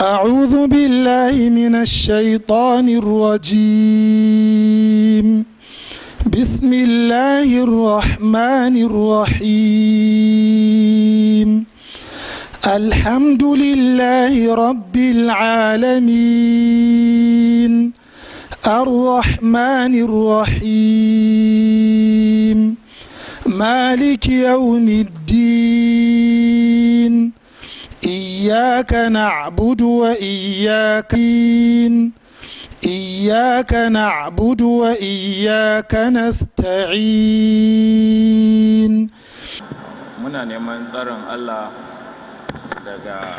أعوذ بالله من الشيطان الرجيم بسم الله الرحمن الرحيم الحمد لله رب العالمين الرحمن الرحيم مالك يوم الدين إياك نعبد وإياك إياك نعبد وإياك نستعين muna neman tsarin Allah daga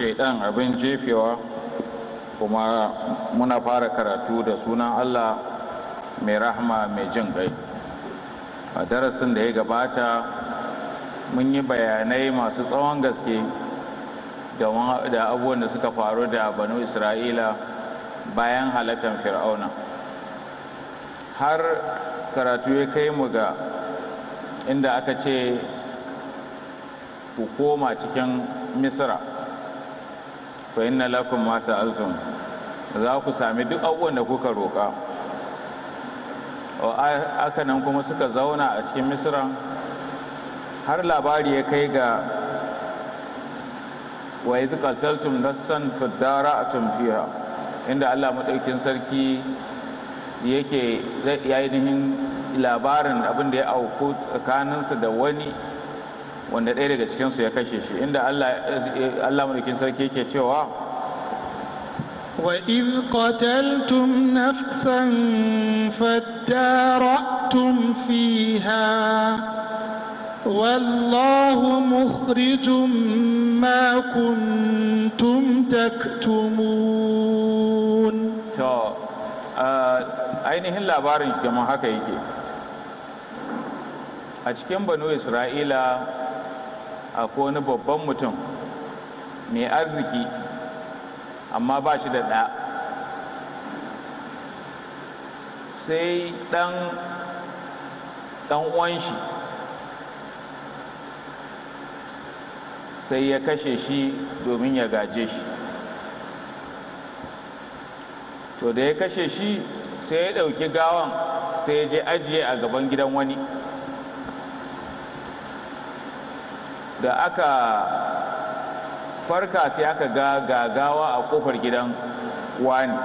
shaidan abin jefewa kuma muna fara karatu da sunan Allah mai rahama mai jin gai, a darasin da ya gabata mun yi bayanai masu tsawon gaske da abubuwan da suka faru da banu isra'ila bayan halakan fir'auna har karatu ya kai mu ga inda aka ce ku koma cikin misra fa inna lakum ma sa'altum za ku sami duk abubuwan da kuka roƙa aka nan kuma suka zauna a cikin misra har labari ya kai ga wa yi qataltum nafsan a fiha inda Allah madaukin sarki yake zai ainihin labarin abin da ya auku tsakaninsa da wani wanda ɗaya daga cikinsu ya kashe shi inda Allah madaukin sarki yake cewa وإذ قتلتم نفسا فادارأتم فيها والله مخرج ما كنتم تكتمون to ainihin labarin kamar haka yake a cikin banu isra'ila akwai wani babban mutum mai arziki amma ba shi da ɗa sai ɗan uwan shi sai ya kashe shi domin ya gaje shi to da ya kashe shi sai ya ɗauki gawan sai ya je ajiye a gaban gidan wani da aka farka sai aka ga gagawa a kofar gidan wani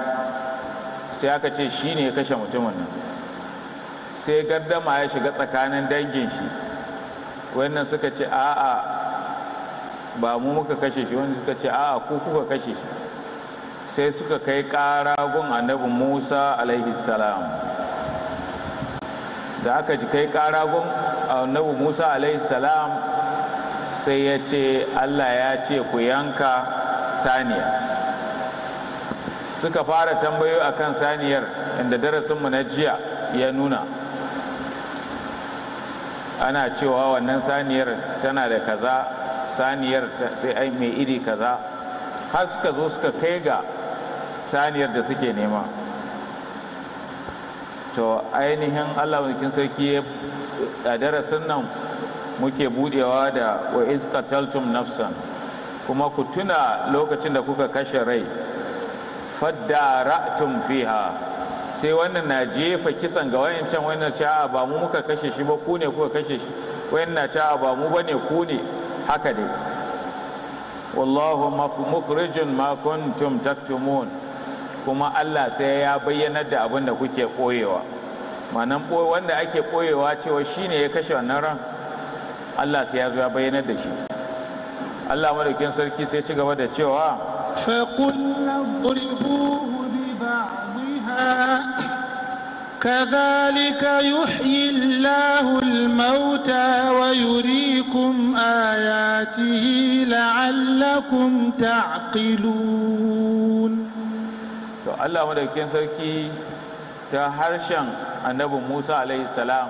sai aka ce shi ne ya kashe mutumin nan sai gardama ya shiga tsakanin dangin shi wannan suka ce a'a ba mu muka kashe shi wanda suka ce a'a ku kuka kashe shi sai suka kai ƙara gun annabi musa alaihi salam da aka ji kai ƙara gun annabi musa alaihi salam sai ya ce allah ya ce ku yanka saniya suka fara tambayo akan saniyar inda darasinmu na jiya ya nuna ana cewa wannan saniyar tana da kaza saniyar sai ai mai iri kaza har suka zo suka kai ga saniyar da suke nema to ainihin allah mulkin sarki ya darasin nan muke budewa da wa iskataltum nafsan kuma ku tuna lokacin da kuka kashe rai fadda ra'tum fiha sai wannan na jefa kisan ga can wannan cewa ba mu muka kashe shi ba ku ne kuka kashe shi wayan na cewa ba mu bane ku ne حكدي والله مخرج ما كنتم تكتمون كما الله سيا بينا دا أبن دا قويوا ما نمقوي وانا أكي قويوا أتي وشيني يكشوا النار الله سيا بينا دا شي الله ملكين سركي سيشي قبدا تيوا فقلنا اضربوه ببعضها كذلك يحيي الله الموتى ويريكم آياته لعلكم تعقلون to Allah madaukakin sarki ta harshen annabi Musa alaihi salam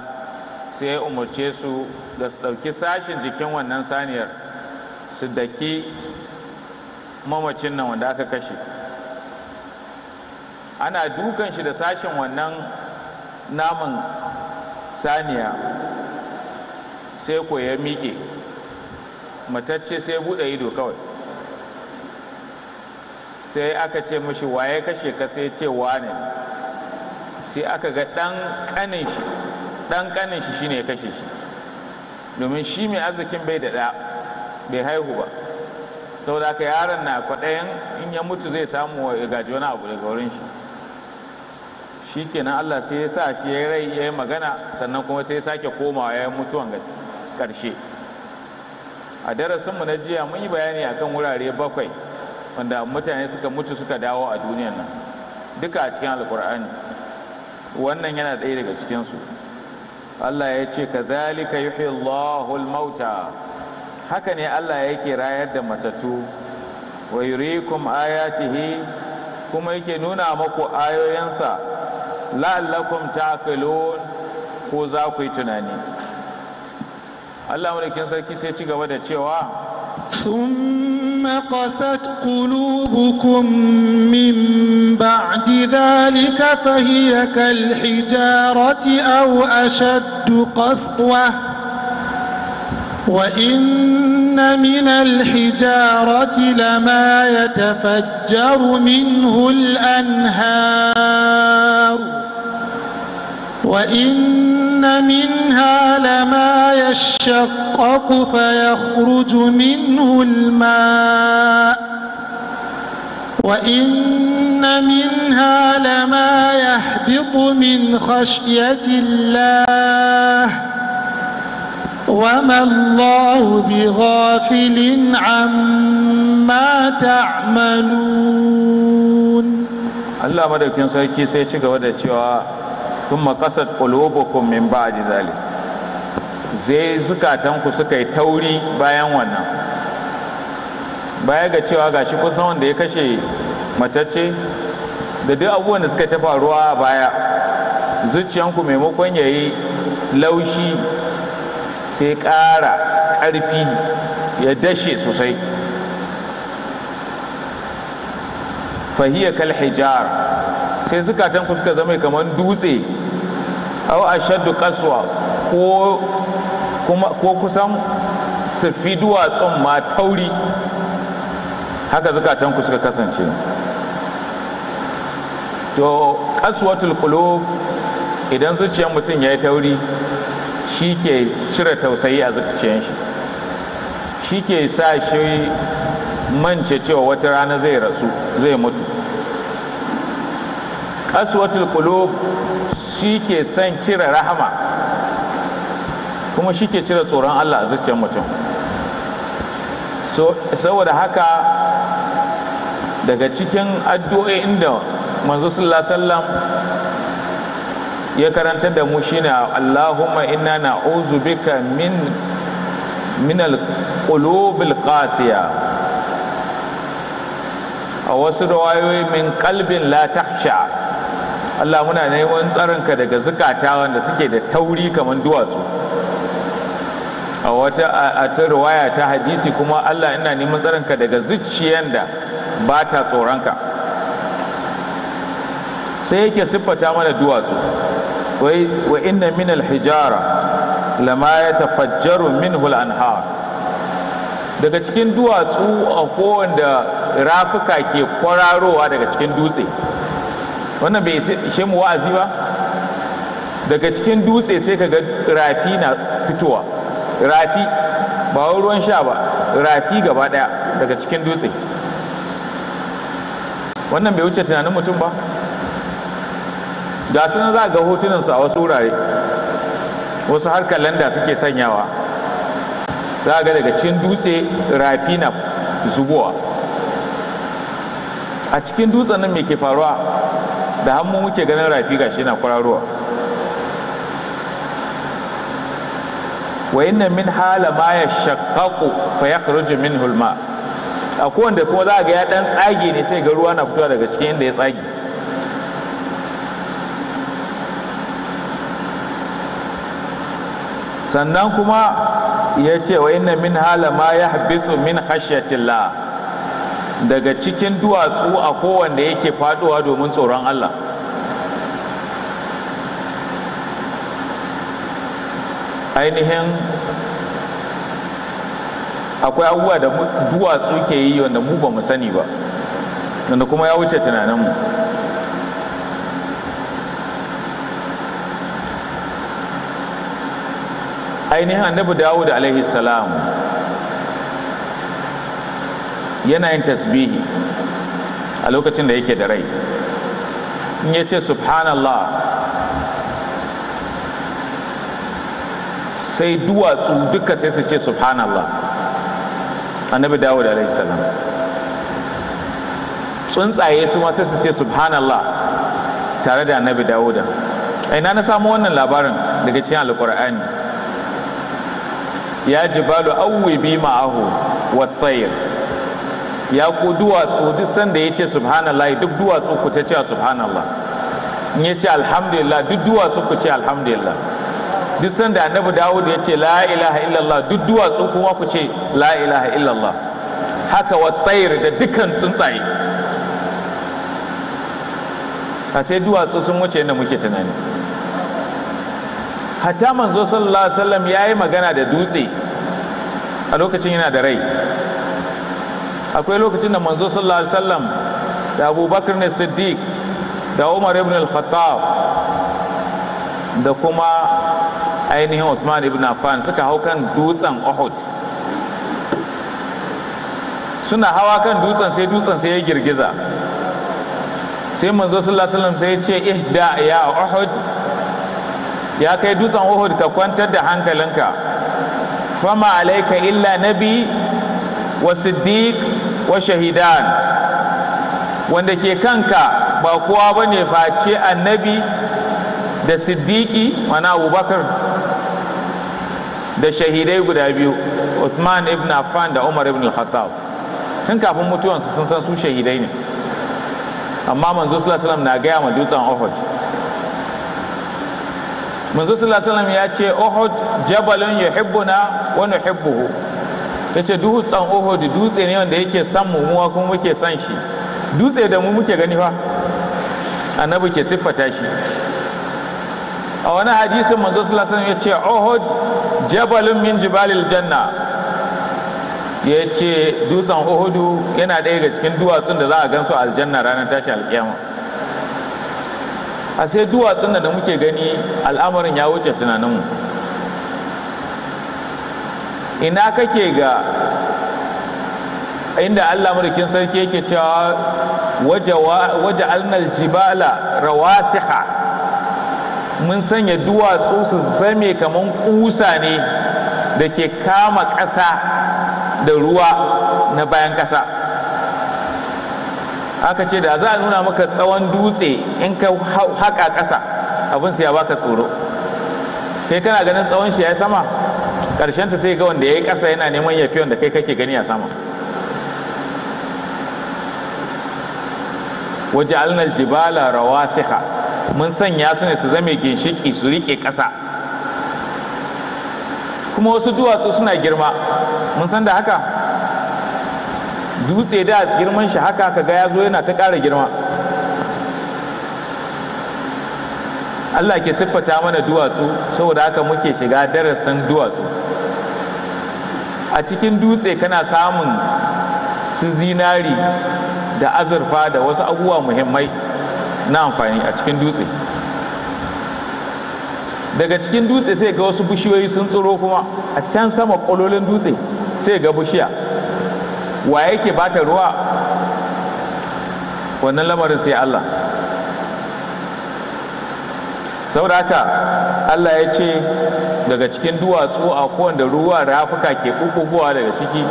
sai ya umarce su da su ɗauki sashin jikin wannan saniyar su daki mamacin nan wanda aka kashe ana dukan shi da sashin wannan naman saniya sai ko ya miƙe matacce sai buɗe ido kawai sai aka ce mashi waye kashe ka sai ce wane sai aka ga ɗan ƙanin shi ɗan ƙanin shi shine kashe shi domin shi mai arzikin bai da ɗa bai haihu ba saboda aka yaron na kwaɗayan in ya mutu zai samu wa gaji wani abu daga wurin shi shi kenan Allah sai ya sa shi ya rai ya yi magana sannan kuma sai ya sake komawa ya yi mutuwan gaske Karshe, a darasin mu na jiya mun yi bayani akan wurare bakwai wanda mutane suka mutu suka dawo a duniyar nan duka a cikin alkur'ani wannan yana ɗaya daga cikinsu allah ya ce ka zalika yuhi allahul mauta haka ne allah yake rayar da matatu wa yurikum ayatihi kuma yake nuna maku ayoyinsa la'allakum ta'qilun ko za ku yi tunani Allah mulkin sarki sai ci gaba da cewa summa qasat qulubukum min ba'di dhalika fa hiya kal hijarati aw ashadd qaswa وإن من الحجارة لما يتفجر منه الأنهار وإن منها لما يشقق فيخرج منه الماء وإن منها لما يهبط من خشية الله وما الله بغافل عما تعملون الله مدوكين سيكي سيكي thumma qasat qulubukum min ba'di zalik zai zukatanku suka yi tauri bayan wannan baya ga cewa gashi kusan wanda ya kashe matacce da duk abubuwan da suka ta faruwa a baya zuciyanku maimakon ya yi laushi sai ƙara ƙarfi ya dashe sosai fahiyar hijar sai zukatan ku suka zama kamar dutse au ashaddu shaddu ko ko kusan su fi duwatsun ma tauri haka zukatan ku suka kasance to qaswatul qulub idan zuciyar mutum ya yi tauri shi ke cire tausayi a zuciyar shi shi ke sa shi mance cewa wata rana zai rasu zai mutu qaswatul qulub shi ke son cire rahama kuma shi ke cire tsoron Allah a zuciyar mutum saboda haka daga cikin addu'o'i inda manzo sallallahu alaihi wasallam ya karanta da mu shine Allahumma inna na'udzu bika min min al-qulub qasiya a wasu rawayoyi min qalbin la tahsha Allah muna neman tsaronka daga zukata wanda suke da tauri kamar duwatsu a wata a ta riwaya ta hadisi kuma Allah ina neman tsaronka daga zuciyar da ba ta tsoronka sai yake siffata mana duwatsu wa inna min al-hijara lama yatafajjaru minhu al-anhar daga cikin duwatsu a kowanda rafuka ke kwararowa daga cikin dutse wannan bai ishe mu wa'azi ba daga cikin dutse sai ka ga rafi na fitowa rafi ba ruwan sha ba rafi gaba daya daga cikin dutse wannan bai wuce tunanin mutum ba ga su za ga hotunansu a wasu wurare wasu har landa suke sanyawa za ga daga cikin dutse rafi na zubowa a cikin dutsen nan me ke faruwa da hannu muke ganin rafi shi na kwararowa wa inna min hala ma ya shaqqaqu fa ya minhu al hulma. a wanda kuma za ga ya dan tsage ne sai ga ruwa na fitowa daga cikin inda ya tsage sannan kuma ya ce wa inna min hala ma ya habbitu min khashyatillah daga cikin duwatsu a kowanne yake faduwa domin tsoron Allah ainihin akwai abubuwa da duwatsu ke yi wanda mu ba mu sani ba wanda kuma ya wuce tunaninmu ainihin annabi dawud alaihi salam yana yin tasbihi a lokacin da yake da rai in ya ce subhanallah sai duwatsu duka sai su ce subhanallah annabi dawud alaihi salam tsuntsaye su ma sai su ce subhanallah tare da annabi dawud ina na samu wannan labarin daga cikin alkur'ani ya jibalu awwi bi ma'ahu wa tsayir ya ku duwatsu duk sanda ya ce subhanallah duk duwatsu ku ta cewa subhanallah in ya ce alhamdulillah duk duwatsu ku ce alhamdulillah duk sanda annabi dawud ya ce la ilaha illallah duk duwatsu kuma ku ce la ilaha illallah haka wa tsayir da dukkan tsuntsaye a sai duwatsu sun wuce yadda muke tunani hatta manzo sallallahu alaihi wasallam yayi magana da dutse a lokacin yana da rai akwai lokacin da manzo sallallahu alaihi wasallam da abubakar ne siddiq da umar ibn al-khattab da kuma ainihin usman ibn affan suka hau kan dutsen uhud suna hawa kan dutsen sai dutsen sai ya girgiza sai manzo sallallahu alaihi wasallam sai ya ce ihda ya uhud ya kai dutsen uhud ka kwantar da hankalinka fama alaika illa nabi wa siddiq wa shahidan wanda ke kanka ba kowa ba ne face annabi da siddiƙi mana abubakar da shahidai guda biyu usman ibn affan da umar ibn al-khattab tun kafin mutuwansu sun san su shahidai ne amma manzo sallallahu alaihi wasallam na gaya ma dutsen uhud manzo sallallahu alaihi wasallam ya ce uhud jabalun yuhibbuna wa nuhibbuhu ta ce dutsen uhud dutse ne wanda yake san mu muwa kuma muke san shi dutse da mu muke gani fa annabi ke siffata shi a wani hadisin manzo sallallahu alaihi wasallam ya ce uhud jabalun min jibalil janna yace ce dutsen uhudu yana daya ga cikin duwatsun da za a gansu a aljanna ranar tashi alkiyama a sai duwatsun da muke gani al'amarin ya wuce tunaninmu ina kake ga inda Allah mulkin sarki yake cewa waje alnal jibala rawatiha mun sanya duwatsu su zame kaman kusa ne da ke kama ƙasa da ruwa na bayan ƙasa aka ce da za a nuna maka tsawon dutse in ka haƙa ƙasa abin ya baka tsoro sai kana ganin tsawon shi ya sama karshen ta sai ga wanda ya yayi ƙasa yana neman ya fi wanda kai kake gani a sama waje alnal jibala rawasiha mun sanya su ne su zame ginshiki su rike ƙasa kuma wasu duwatsu suna girma mun san da haka dutse da girman shi haka kaga ya zo yana ta ƙara girma Allah ke siffata mana duwatsu saboda haka muke shiga darasin duwatsu a cikin dutse kana samun su zinari da azurfa da wasu abubuwa muhimmai na amfani a cikin dutse daga cikin dutse sai ga wasu bishiyoyi sun tsoro kuma a can sama ƙwalolin dutse sai ga bishiya wa yake bata ruwa wannan lamarin sai Allah saboda Allah ya ce daga cikin duwatsu a kowanda ruwa rafuka ke kufuwa daga ciki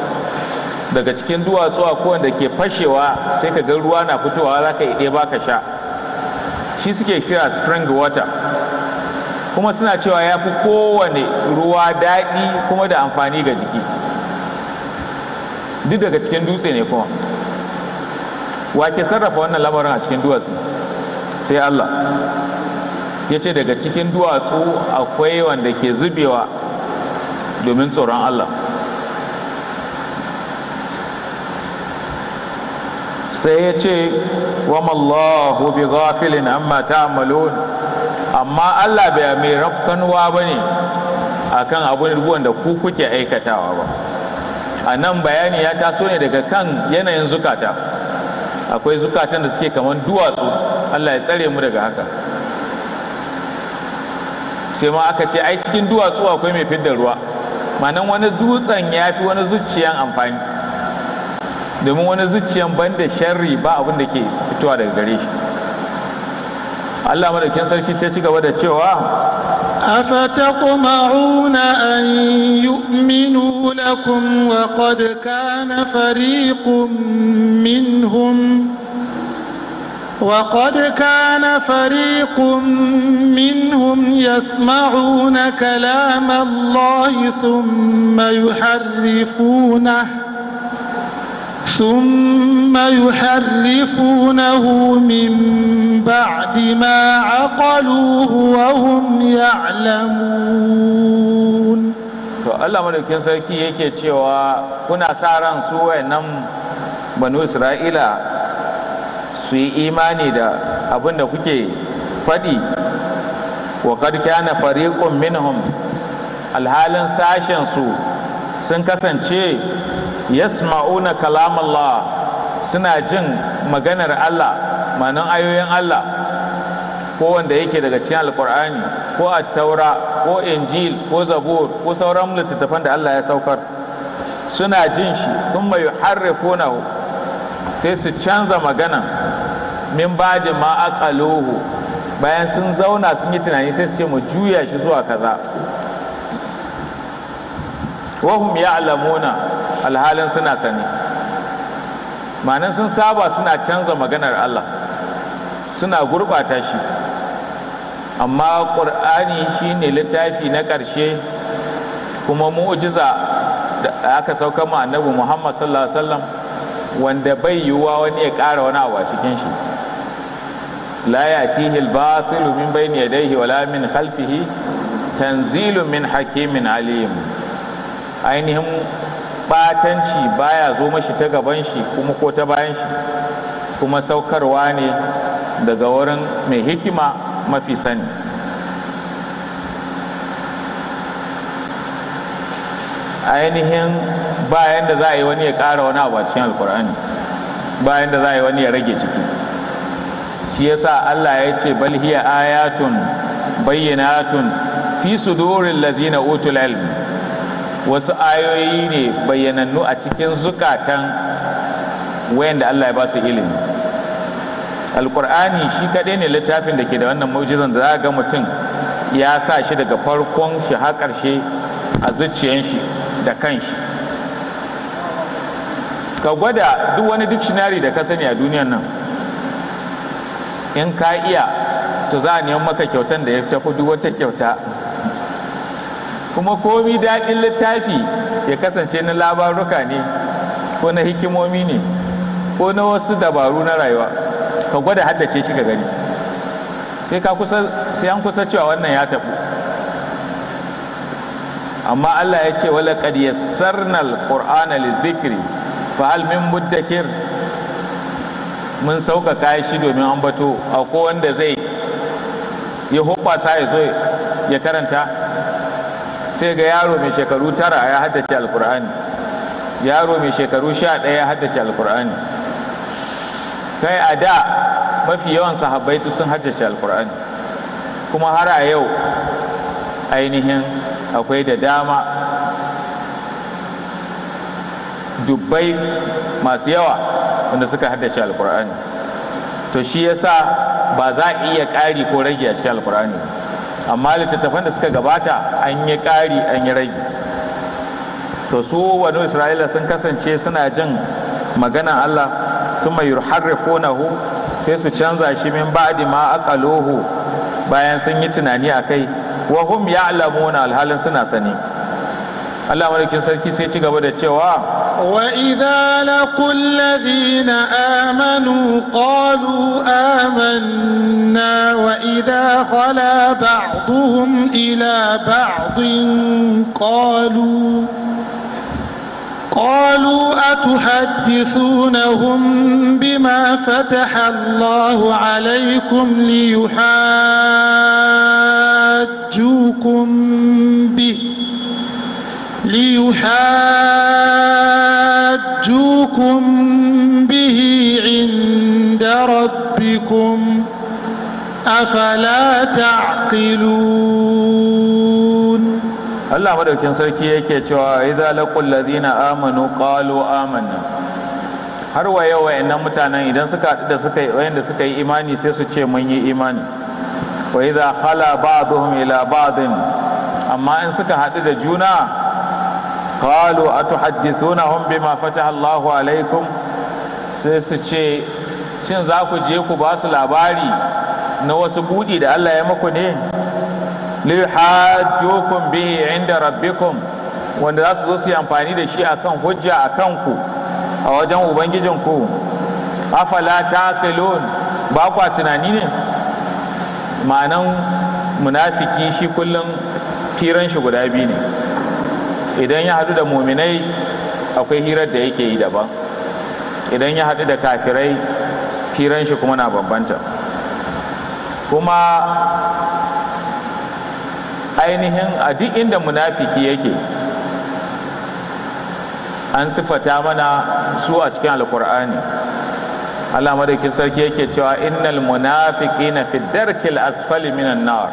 daga cikin duwatsu a kowanda ke fashewa sai ka ga ruwa na fitowa za ka ba ka sha shi suke kira spring water kuma suna cewa ya fi kowane ruwa daɗi kuma da amfani ga jiki duk daga cikin dutse ne kuma wa ke sarrafa wannan lamarin a cikin duwatsu sai Allah ya ce daga cikin duwatsu akwai wanda ke zubewa domin tsoron Allah sai ya ce wa mallahu bi ghafilin amma ta'malun amma Allah bai mai rafkanuwa bane akan abun da ku kuke aikatawa ba a nan bayani ya taso ne daga kan yanayin zukata akwai zukatan da suke kamar duwatsu Allah ya tsare mu daga haka sai ma aka ce ai cikin duwatsu akwai mai fidda ruwa manan wani dutsen ya fi wani zuciyan amfani domin wani zuciyan banda sharri ba abin da ke fitowa daga gare shi Allah madaukin sarki sai ci gaba da cewa أفتطمعون أن يؤمنوا لكم وقد كان فريق منهم وقد كان فريق منهم يسمعون كلام الله ثم يحرفونه ثم يحرفونه من بعد ما عقلوه وهم يعلمون to Allah madaukin sarki yake cewa kuna sa ran su wayannan banu Isra'ila su yi imani da abin da kuke faɗi wa na fariqun minhum alhalin sashen su sun kasance yasma'una kalam Allah suna jin maganar Allah manan ayoyin Allah ko wanda yake daga cikin alkur'ani ko taura, ko injil ko zabur ko sauran littattafan da Allah ya saukar suna jin shi sun mai harrifunahu sai su canza maganan min ba da ma bayan sun zauna sun yi tunani sai su ce mu juya shi zuwa kaza wahum ya'lamuna alhalin suna sani ma'anan sun saba suna canza maganar Allah suna gurbata shi amma ƙur'ani shine littafi na ƙarshe kuma mu'jiza da aka sauka mu annabi Muhammad sallallahu alaihi wasallam wanda bai yiwuwa wani ya ƙara wani abu a cikin shi la yatihi al-batil min bayni yadayhi wala min khalfihi tanzilun min hakimin alim ainihin ɓatanci baya zo mashi ta gaban shi kuma ko ta bayan shi kuma saukarwa ne daga wurin mai hikima mafi sani ainihin bayan da za a yi wani ya ƙara wani abu a cikin alkur'ani bayan da za a yi wani ya rage ciki shi yasa Allah ya ce bal hiya ayatun bayyinatun fi sudurin lazina utul ilm wasu ayoyi ne bayyanannu a cikin zukatan wayanda Allah ya ba su ilimi alkur'ani shi kaɗai ne littafin da ke da wannan mu'jizan da za ga mutum ya sa shi daga farkon shi har karshe a zuciyan shi da kanshi ka gwada duk wani dictionary da ka sani a duniyar nan in ka iya to za a neman maka kyautan da ya tafi duk wata kyauta kuma komi daɗin littafi ya kasance na labaruka ne ko na hikimomi ne ko na wasu dabaru na rayuwa ka gwada haddace shi ga gani sai ka kusa sai an kusa cewa wannan ya tafi amma Allah ya ce wala qad yassarnal qurana lizikri fa hal min muddakir mun sauƙaƙa shi domin ambato ko wanda zai ya hoɓasa ya zo ya karanta sai ga yaro mai shekaru tara ya haddace alkur'ani yaro mai shekaru sha ɗaya ya haddace alkur'ani kai a da mafi yawan sahabbai sun haddace alkur'ani kuma har a yau ainihin akwai da dama dubbai masu yawa wanda suka haddace alkur'ani to shi yasa ba za a iya ƙari ko rage a cikin alkur'ani amma littattafan da suka gabata an yi ƙari an yi rage to su wani isra'ila sun kasance suna jin magana allah sun mai yurharrifunahu sai su canza shi min ba'di ma aqaluhu bayan sun yi tunani a kai wa hum ya'lamuna alhalin suna sani Allah madaukin sarki sai ci gaba da cewa وإذا لقوا الذين آمنوا قالوا آمنا وإذا خلا بعضهم إلى بعض قالوا قالوا أتحدثونهم بما فتح الله عليكم ليحاجوكم ليحاجوكم به عند ربكم أفلا تعقلون الله أمر يكين سيكي يكي شوى إذا لقوا الذين آمنوا قالوا آمنا هر ويا ويا إنا متانا إذا سكت إذا سكت وين إذا سكت إيماني سيسو شيء مني إيماني وإذا خلا بعضهم إلى بعض أما إن سكت هذا جونا قالوا أتحدثونهم بما alaikum, sai su ce, shin za ku je ku ba su labari na wasu buɗi da Allah ya maku ne lihajjukum yayin da rabbikum wanda za su zo su yi amfani da shi akan hujja a kanku a wajen ubangijinku afala taqilun ba kwa tunani ne ma'anan munafiki shi kullum firan shi guda biyu ne idan ya haɗu da muminai akwai hirar da yake yi daban idan ya haɗu da kafirai hirar shi kuma na bambanta kuma ainihin a duk inda munafiki yake an siffata mana su a cikin alkur'ani Allah madaukin sarki yake cewa innal munafiqina fi darkil asfali minan nar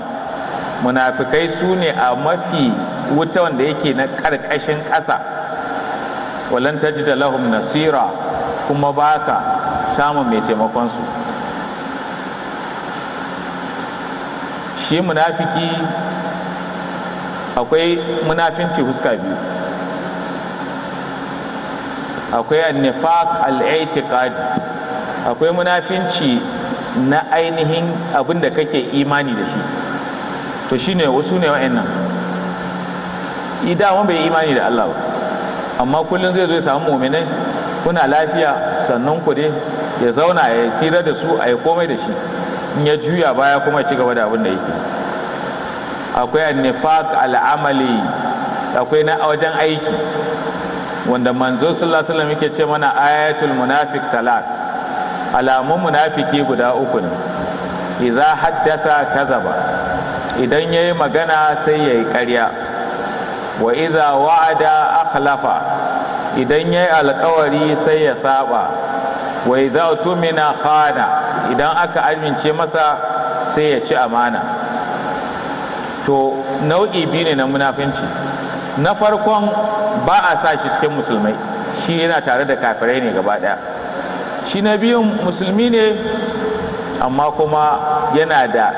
munafikai su ne a mafi wuta wanda yake na ƙarƙashin ƙasa walan tajida lahum nasira kuma ba ka samun mai taimakon su shi munafiki akwai munafinci huska biyu akwai annifaq al-i'tiqad akwai munafinci na ainihin abinda kake imani da shi to shine wasu ne wa'annan da wani bai imani da Allah ba amma kullum zai zo ya samu muminai kuna lafiya sannan ku dai ya zauna ya tira da su a yi komai da shi in ya juya baya kuma ya ci gaba da abin da yake akwai annifaq al'amali akwai na wajen aiki wanda manzo sallallahu alaihi wasallam yake ce mana ayatul munafiq talat alamun munafiki guda uku ne idza haddatha kazaba idan yayi magana sai yayi ƙarya wa iza wa'ada akhlafa idan yayi alƙawari sai ya saba wa iza tumina khana idan aka amince masa sai ya ci amana to nau'i biyu ne na munafinci na farkon ba a sa shi cikin musulmai shi yana tare da kafirai ne gaba daya shi na biyun musulmi ne amma kuma yana da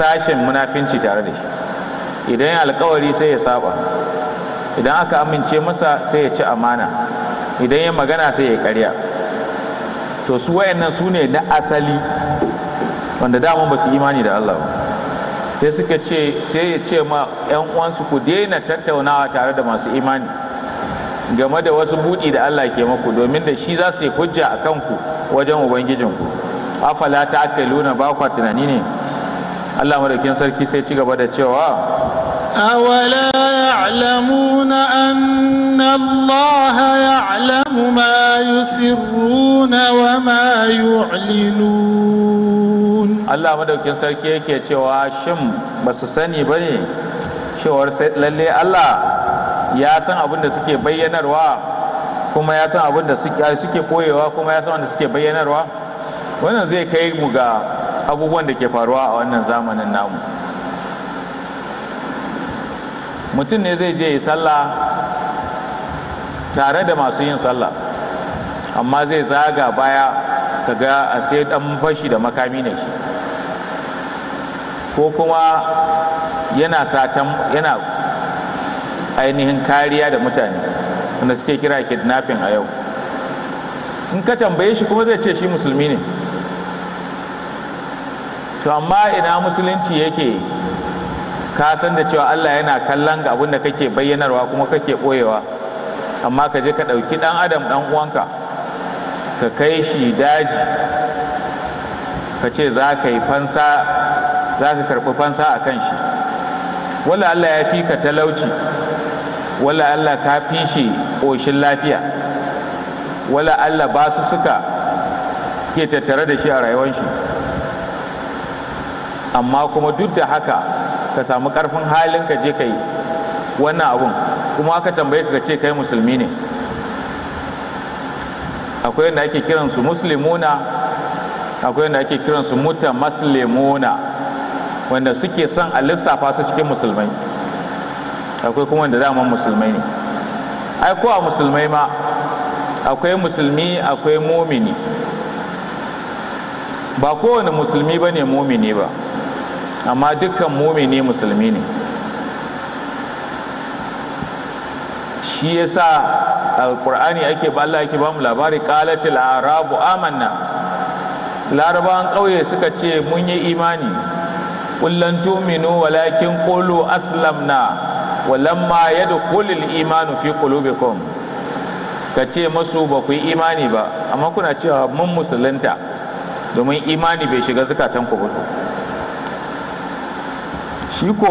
sashen munafinci tare da shi idan alkawari sai ya saba idan aka amince masa sai ya ci amana idan ya magana sai ya karya to su wayannan su ne na asali wanda dama ba su imani da Allah sai suka ce sai ya ce ma yan uwansu ku daina tattaunawa tare da masu imani game da wasu buɗi da Allah ke maku domin da shi za su yi hujja a ku wajen ubangijin ku. afala ta aka luna ba kwa tunani ne Allah madaukin sarki sai ci gaba da cewa أولا يعلمون أن الله يعلم ما يسرون وما يعلنون الله مدوكين سركي yake cewa shin basu sani bane cewar sai lalle Allah ya san abin da suke bayyanarwa kuma ya san abin da suke koyewa kuma ya san wanda suke bayyanarwa wannan zai kai mu ga abubuwan da ke faruwa a wannan zamanin namu mutum ne zai je yi sallah tare da masu yin sallah amma zai zaga baya ka a sai dan fashi da makami ne shi ko kuma yana satan yana ainihin kariya da mutane wanda suke kira kidnapping a yau in ka tambaye shi kuma zai ce shi musulmi ne to amma ina musulunci yake ka san da cewa Allah yana kallon ga abin da kake bayyanarwa kuma kake boyewa amma ka je ka ɗauki ɗan adam ɗan uwanka ka kai shi daji ka ce za ka yi fansa za ka karɓi fansa a kan shi wala Allah ya fi ka talauci wala Allah ka fi shi ƙoshin lafiya wala Allah ba su suka ke tattare da shi a rayuwar shi amma kuma duk da haka ka samu karfin halin ka je ka yi wannan abun kuma aka tambaye ka ce kai musulmi ne akwai wanda ake kiransu muslimuna akwai wanda ake kiransu muta maslimuna wanda suke son a lissafa su cikin musulmai akwai kuma wanda dama musulmai ne ai ko a musulmai ma akwai musulmi akwai mumini ba kowane musulmi ba ne mumini ba amma dukkan mumini musulmi ne shi yasa alƙur'ani ake ba Allah yake ba mu labari qalatil arabu amanna larabawan ƙauye suka ce mun yi imani kullan tuminu walakin qulu aslamna walamma yadkhulul imanu fi qulubikum ce masu ba ku yi imani ba amma kuna cewa mun musulunta domin imani bai shiga zukatan ku ba shi ko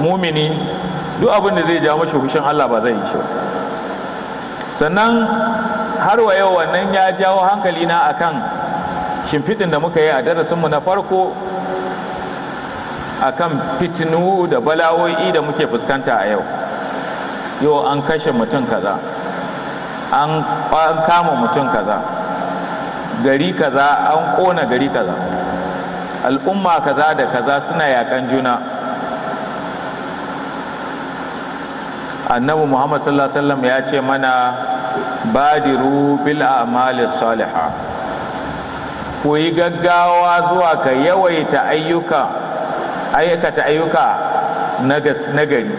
mumini duk abin da zai ja mashi fushin Allah ba zai yi shi sannan har wa yau wannan ya jawo hankali na akan shimfiɗin da muka yi a darasin mu na farko akan fitinu da bala'o'i da muke fuskanta a yau yau an kashe mutum kaza an kama mutum kaza gari kaza an kona gari kaza al'umma kaza da kaza suna yakan juna annabi muhammad sallallahu alaihi wasallam ya ce mana badiru bil a'mali salihah ku yi gaggawa zuwa ka yawaita ayyuka aikata ayyuka na gari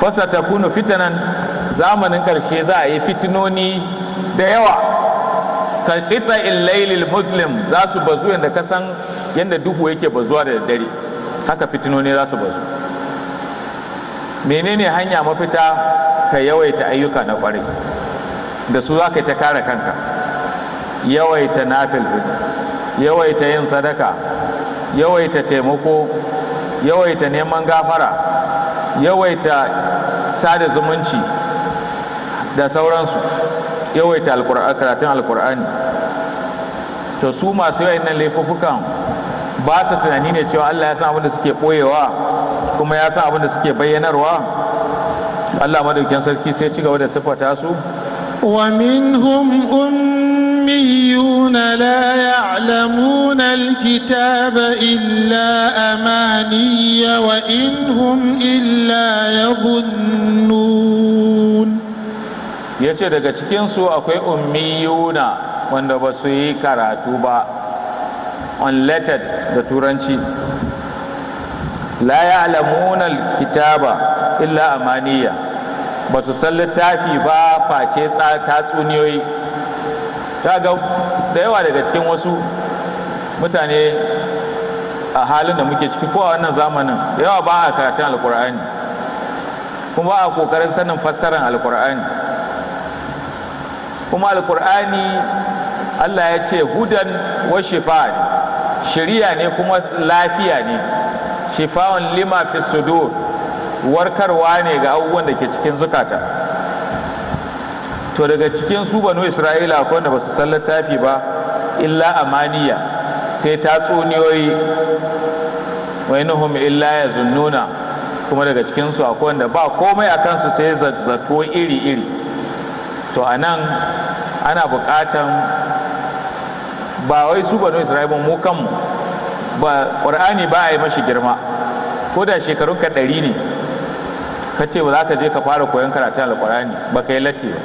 fasa ta kunu fitanan zamanin ƙarshe za a yi fitinoni da yawa ka in lailil muslim za su bazu yadda ka san yadda duhu yake bazuwa da daddare haka fitinoni za su bazu menene hanya mafita ka yawaita ayyuka na kwarai da su za ka ta kare kanka yawaita nafil yawaita yin sadaka yawaita taimako yawaita neman gafara yawaita sada zumunci da sauransu yawaita alqur'ani karatun alqur'ani to su masu yayin laifukan ba su tunani ne cewa Allah ya san abin da suke boyewa kuma ya san abin da suke bayyanarwa Allah madaukakin sarki sai ci gaba da sifata su wa minhum ummiyuna la ya'lamuna alkitaba illa amaniya wa inhum illa yadhunnun ya ce daga cikinsu akwai ummiyuna wanda ba su yi karatu ba unlettered da turanci la ya'lamuna kitaba illa amaniya ba su san littafi ba face tatsuniyoyi ta ga da yawa daga cikin wasu mutane a halin da muke ciki ko a wannan zamanin yawa ba a karatun alkur'ani kuma ba a kokarin sanin fassarar alkur'ani kuma alkur'ani Allah ya ce hudan wa shifa shiriya ne kuma lafiya ne shifa'un lima fi sudur warkarwa ne ga abubuwan da ke cikin zukata to daga cikin su banu isra'ila akwai wanda ba su san littafi ba illa amaniya sai tatsuniyoyi wa inhum illa yazunnuna kuma daga cikinsu su akwai wanda ba komai a kansu sai zato iri iri to a nan ana bukatan ba wai su banu isra'ila mu kanmu ba ƙur'ani ba a yi mashi girma ko da shekaru ka ɗari ne ka ce ba za ka je ka fara koyon karatun alƙur'ani ba ka yi latti ba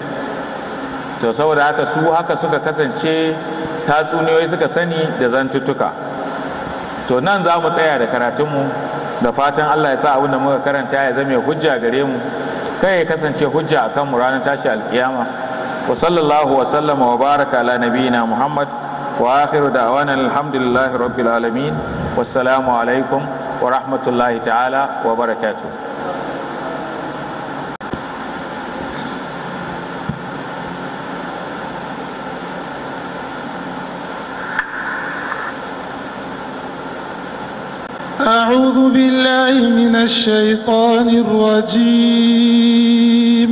to saboda haka su haka suka kasance tatsuniyoyi suka sani da zantuttuka to nan za mu tsaya da karatunmu da fatan allah ya sa abin da muka karanta ya zame hujja gare mu kai ya kasance hujja akan mu ranar tashi alkiyama wa sallallahu wa sallama wa baraka ala nabiyina muhammad wa akhiru da'wana alhamdulillahi rabbil alamin wassalamu alaikum wa rahmatullahi ta'ala wa barakatuh أعوذ بالله من الشيطان الرجيم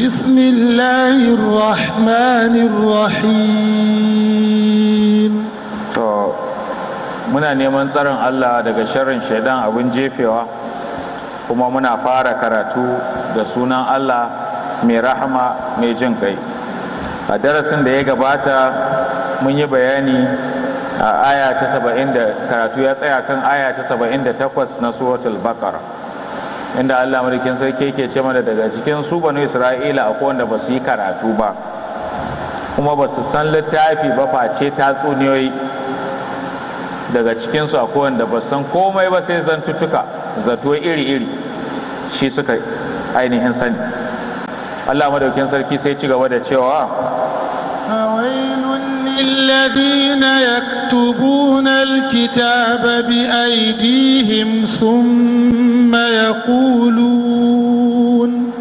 بسم الله الرحمن الرحيم to muna neman tsarin Allah daga sharrin shaidan abin jefewa kuma muna fara karatu da sunan Allah mai rahama mai jin kai a darasin da ya gabata mun yi bayani a aya ta saba'in da karatu ya tsaya kan aya ta saba'in da takwas na suratul baqara inda Allah mulkin sarki yake ce mana daga cikin su banu Isra'ila akwai wanda ba su yi karatu ba kuma ba su san littafi ba face tatsuniyoyi daga cikin su akwai wanda ba san komai ba sai zan tutuka zato iri-iri shi suka ainihin sani Allah madaukin sarki sai ci gaba da cewa الذين يكتبون الكتاب بأيديهم ثم يقولون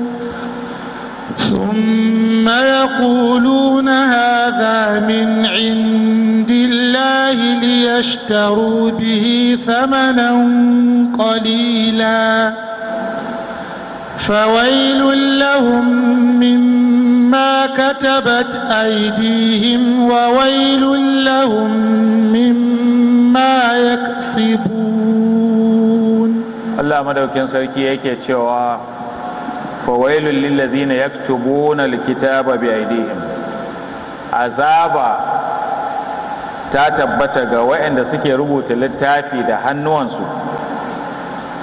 ثم يقولون هذا من عند الله ليشتروا به ثمنا قليلا فويل لهم مما مما كتبت أيديهم وويل لهم مما يكسبون الله مدوكين سركي يكي تشوا فويل للذين يكتبون الكتاب بأيديهم عذاب تتبت وإن سكي ربو للتافي ده هنوانسو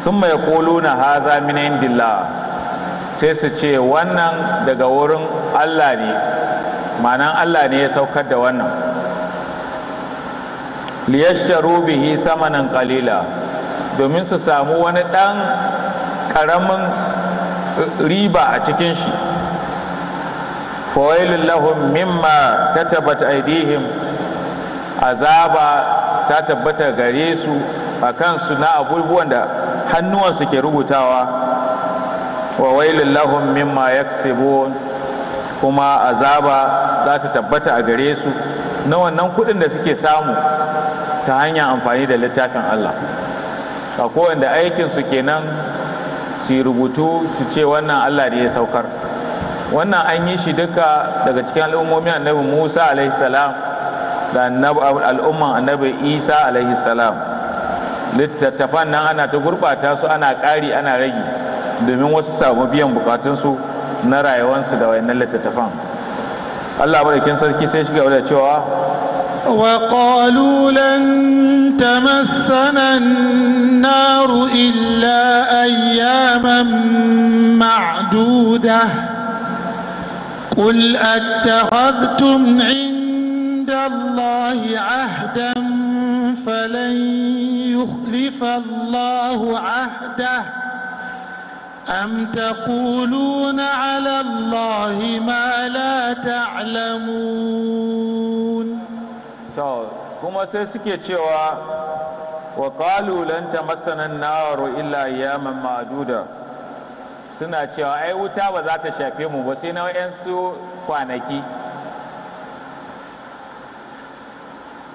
ثم يقولون هذا من عند الله sai su ce wannan daga wurin Allah ne manan Allah ne ya saukar da wannan liyashtaru bihi samanan qalila domin su samu wani ɗan ƙaramin riba a cikin shi fawailun lahum mimma katabat aidihim azaba ta tabbata gare su a kansu na abubuwan da hannuwansu ke rubutawa wa wailin lahum mimma yaksibun kuma azaba za ta tabbata a gare su na wannan kudin da suke samu ta hanyar amfani da littafin Allah a kowanne aikinsu kenan su rubutu su ce wannan Allah da ya saukar wannan an yi shi duka daga cikin al'ummomin annabi Musa alaihi salam da al'umman annabi Isa alaihi salam littattafan nan ana ta gurɓata su ana ƙari ana rage domin wasu samu biyan bukatunsu na rayuwarsu da wayannan littattafan Allah barakin sarki sai shiga da cewa وقالوا لن تمسنا النار إلا أياما معدودة قل أتخذتم عند الله عهدا فلن يخلف الله عهده أم تقولون على الله ما لا تعلمون كما سيسكي وقالوا لن تمسنا النار suna cewa ai wuta ba za ta shafe mu ba sai na wayansu kwanaki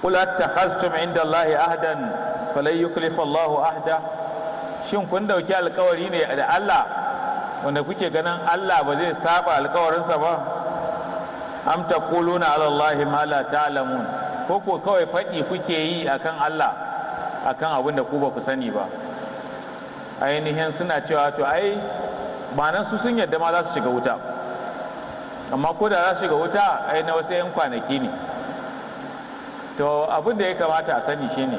qul attakhaztum inda allahi ahdan falan yuklifa allahu ahda shin kun dauki alkawari ne da Allah wanda kuke ganin Allah ba zai saba alkawarinsa ba am taquluna ala allahi ma la ta'lamun ko ko kawai faɗi kuke yi akan Allah akan abin da ku ba ku sani ba ainihin suna cewa to ai ba nan su sun yadda ma za su shiga wuta amma ko da za su shiga wuta ai na wasu 'yan kwanaki ne to abin da ya kamata a sani shine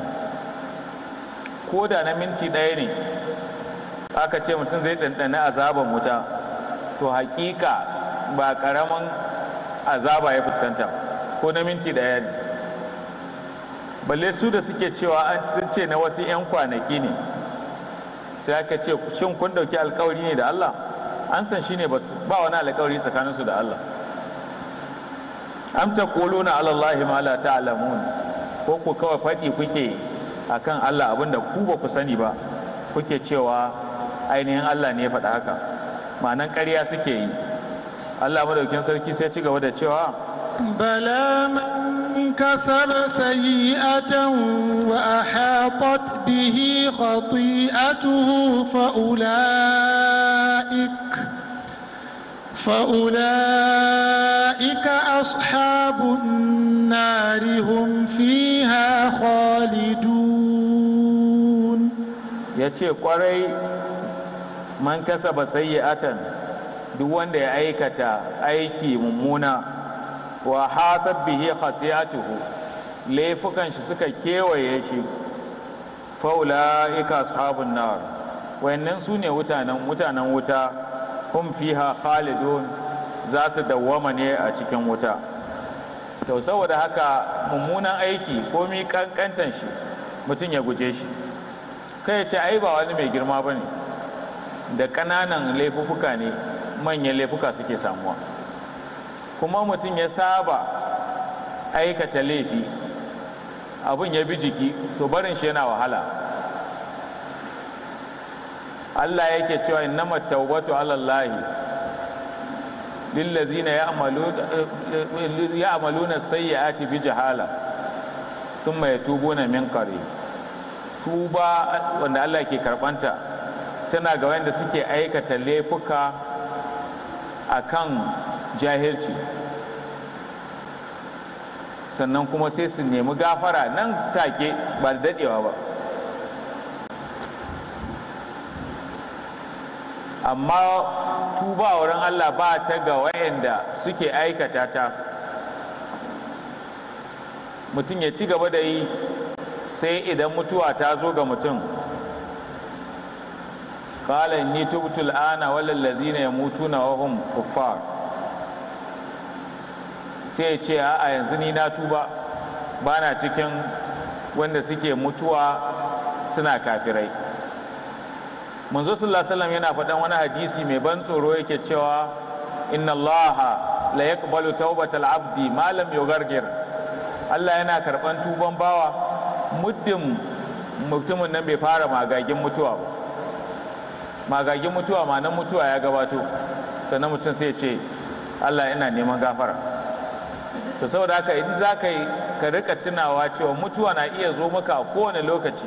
ko da na minti ɗaya ne aka ce mutum zai ɗanɗana azaban wuta to haƙiƙa ba ƙaramin azaba ya fuskanta ko na minti ɗaya ne balle su da suke cewa an sun ce na wasu 'yan kwanaki ne sai aka ce shin kun ɗauki alkawari ne da Allah an san shi ne ba wani alkawari tsakaninsu da Allah am kolo na Allahi ma la ta'lamun ko ku kawai faɗi kuke akan Allah abinda ku ba ku sani ba kuke cewa ainihin Allah ne ya faɗa haka ma'anan ƙarya suke yi Allah madaukin sarki sai ci gaba da cewa bala man kasaba sayi'atan wa ahatat bihi khati'atuhu fa ulaika فأولئك أصحاب النار هم فيها خالدون يتي قري man kasaba sayyi'atan duk wanda ya aikata aiki mummuna wa hatab bihi khati'atuhu laifukan shi suka kewaye shi faula'ika ashabun nar wayannan su ne mutanen mutanen wuta hum fiha khalidun za su dawwama ne a cikin wuta to saboda haka mummunan aiki komi kankantan shi mutum ya guje shi kai ce ai ba wani mai girma bane da ƙananan laifuka ne manyan laifuka suke samuwa kuma mutum ya saba aikata laifi abin ya bi jiki to barin shi yana wahala Allah yake cewa innama tawbatu ala Allah lillazina ya'maluna sayyi'ati bi jahala thumma yatubuna min qarib tuba wanda Allah ke karbanta tana ga wanda suke aikata laifuka a kan jahilci sannan kuma sai su nemi gafara nan take ba da dadewa ba amma tuba wurin Allah ba ta ga wayanda suke aikata ta mutum ya ci gaba da yi sai idan mutuwa ta zo ga mutum qala inni tubtu al'ana wal ladzina yamutuna wa hum kuffar sai ya ce a yanzu ni na tuba bana cikin wanda suke mutuwa suna kafirai manzo sallallahu alaihi wasallam yana faɗan wani hadisi mai ban tsoro yake cewa inna allaha la yaqbalu tawbatal abdi ma lam yughargir Allah yana karban tuban bawa muddin mutumin nan bai fara magagin mutuwa ba magagin mutuwa ma nan mutuwa ya gabato sannan mutum sai ce Allah ina neman gafara to saboda haka idan za ka yi ka rika tunawa cewa mutuwa na iya zo maka a kowane lokaci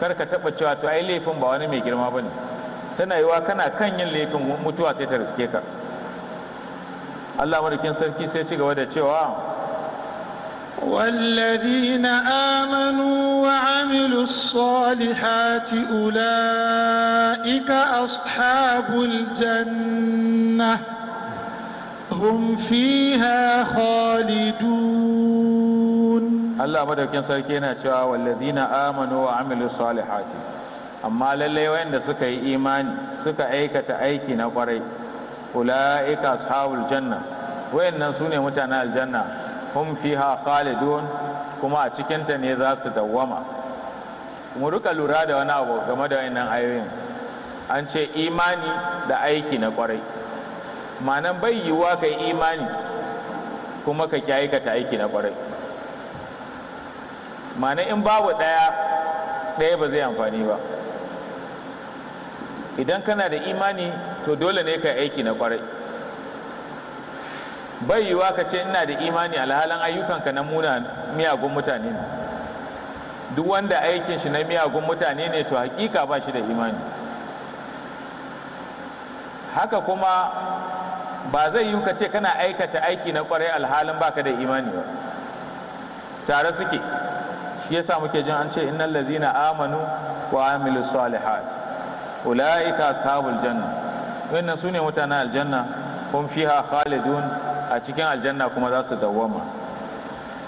kar ka taɓa cewa to ai laifin ba wani mai girma ba ne tana yiwa kana kan yin laifin mutuwa sai ta riske ka Allah marikin sarki sai ci gaba da cewa والذين آمنوا وعملوا الصالحات أولئك أصحاب الجنة هم فيها خالدون الله مدوكين سركينا شوى والذين آمنوا وعملوا الصالحات أما للي وين سكا إيمان سكا أيكة أيكي نقري أولئك أصحاب الجنة وين نسوني متعنا الجنة hum fiha khalidun kuma a cikinta ne za su dawwama mu rika lura da wani abu game da wannan ayoyin an ce imani da aiki na kwarai ma'anan bai yiwuwa ka imani kuma ka kyayi ka ta aiki na kwarai ma'anan in babu ɗaya ɗaya ba zai amfani ba idan kana da imani to dole ne ka aiki na kwarai bai yiwa ka ce ina da imani alhalan ayyukanka na muna miyagun mutane ne duk wanda aikin shi na miyagun mutane ne to hakika ba shi da imani haka kuma ba zai yiwu ka ce kana aikata aiki na kwarai alhalin baka da imani ba tare suke shi yasa muke jin an ce innal ladzina amanu wa amilu salihat ulaika ashabul janna wannan sune mutanen aljanna hum fiha khalidun a cikin aljanna kuma za su dawwama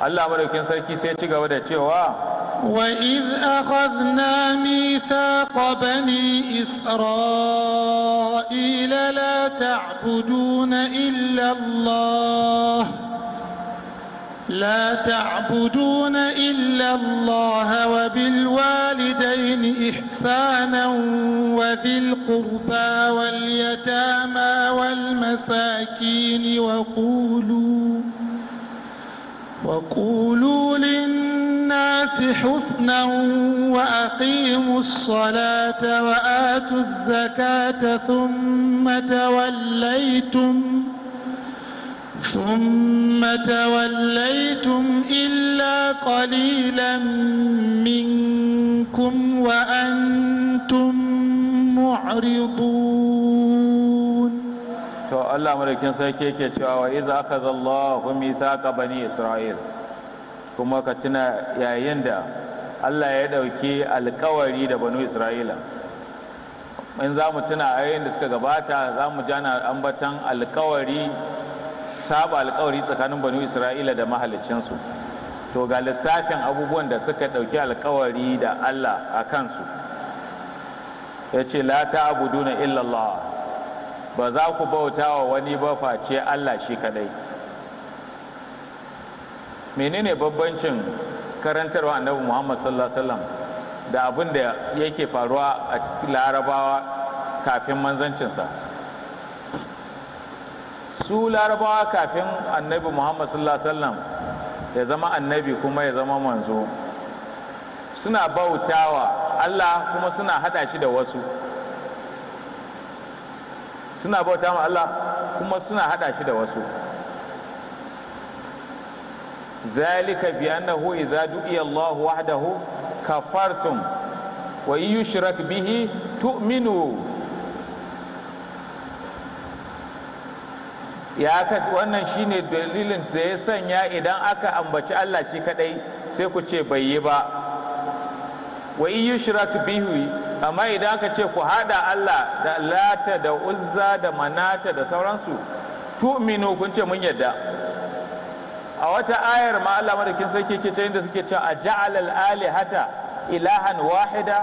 Allah madaukin sarki sai ci gaba da cewa wa iz akhadna mithaqa bani isra'ila la ta'buduna illa Allah لا تعبدون إلا الله وبالوالدين إحسانا وذي القربى واليتامى والمساكين وقولوا وقولوا للناس حسنا وأقيموا الصلاة وآتوا الزكاة ثم توليتم ثم توليتم إلا قليلا منكم وأنتم معرضون شو الله أمرك ينسيكيك شو وإذا أخذ الله ميثاق بني إسرائيل كما كتنا يا يندا الله يدعوكي القواري بنو إسرائيل من زامتنا أين سكبات زامتنا أنبتنا القواري saba alkawari tsakanin banu isra'ila da mahalicinsu to ga lissafin abubuwan da suka ɗauki alkawari da allah a kansu ya ce la ta abuduna illallah ba za ku bauta wa wani ba face allah shi kadai menene babbancin karantarwa annabi muhammad sallallahu alaihi wasallam da abin da yake faruwa a larabawa kafin manzancinsa su larabawa kafin annabi muhammad sallallahu alaihi wasallam ya zama annabi kuma ya zama manzo suna bautawa allah kuma suna hada shi da wasu suna bauta ma allah kuma suna hada shi da wasu zalika bi annahu idza du'iya allah wahdahu kafartum wa yushrak bihi tu'minu ya ka wannan shine dalilin da ya sanya idan aka ambaci Allah shi kaɗai, sai ku ce bai yi ba wa in yushrak bihi amma idan aka ce ku haɗa Allah da Lata da Uzza da Manata da sauransu tu'minu kun ce mun yadda a wata ayar ma Allah madakin sarki ke ta inda suke cewa aja'al al-alihata ilahan wahida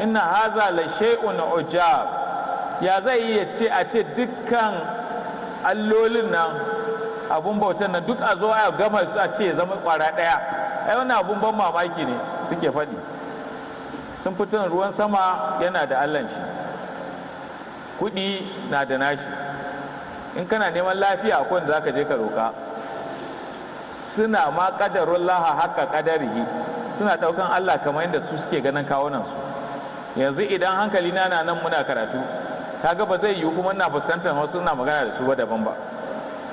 inna hadha la shay'un ujab ya zai iya ce a ce dukkan allolin nan abun bautan nan duk a zo a gama su a ce zama kwara ɗaya ai wannan abun ban mamaki ne suke faɗi sun fito ruwan sama yana da allan shi kuɗi na da nashi in kana neman lafiya akwai wanda zaka je ka roka suna ma kadarun laha haka kadari suna ɗaukan allah kamar yadda su suke ganin kawunan su yanzu idan hankali na nan muna karatu kaga ba zai yiwu kuma ina fuskantar wasu suna magana da su ba daban ba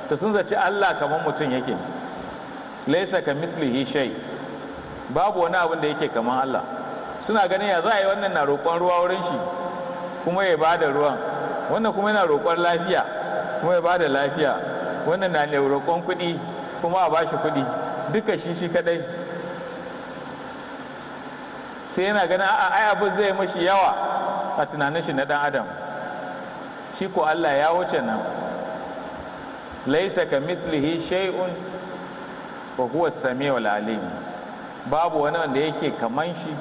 to sun zaci Allah kamar mutum yake laisa ka mislihi shay babu wani abin da yake kamar Allah suna ganin ya za a yi wannan na roƙon ruwa wurin shi kuma ya ba da ruwan wannan kuma yana roƙon lafiya kuma ya ba da lafiya wannan na ne roƙon kuɗi kuma a ba shi kuɗi duka shi shi kaɗai sai yana ganin a'a ai abin zai mashi yawa a tunanin shi na ɗan adam shi ko Allah ya wuce nan laisa ka mislihi shay'un wa huwa as al alim babu wani wanda yake kaman shi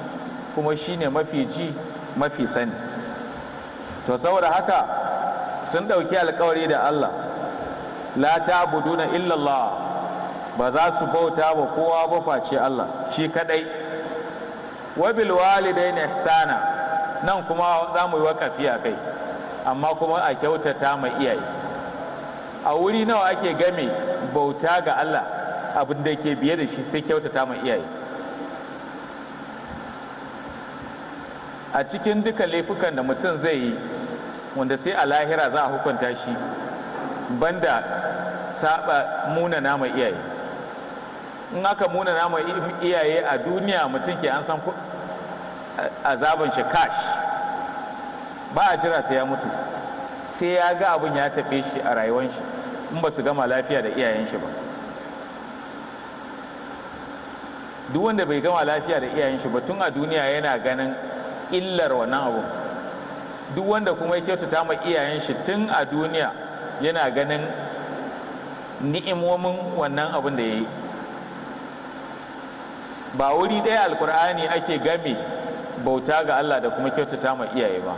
kuma shine mafi ji mafi sani to saboda haka sun dauki alkawari da Allah la ta'buduna illa Allah ba za su bauta ba kowa ba face Allah shi kadai wa bil walidayni ihsana nan kuma za mu yi wakafi a kai amma kuma a kyautata ma iyaye a wuri nawa ake game bauta ga Allah abin da ke biye da shi sai kyautata ma iyaye a cikin duka laifukan da mutum zai yi wanda sai a lahira za a hukunta shi banda saba muna nama iyaye in aka muna nama iyaye a duniya mutum ke an san azabin shi kash ba a jira sai ya mutu sai ya ga abin ya tafe shi a rayuwar shi in ba su gama lafiya da iyayen shi ba duk wanda bai gama lafiya da iyayen shi ba tun a duniya yana ganin illar wannan abu duk wanda kuma ya kyautata ma iyayen shi tun a duniya yana ganin ni'imomin wannan abin da ya yi ba wuri ɗaya alkur'ani ake game bauta ga Allah da kuma kyautata ma iyaye ba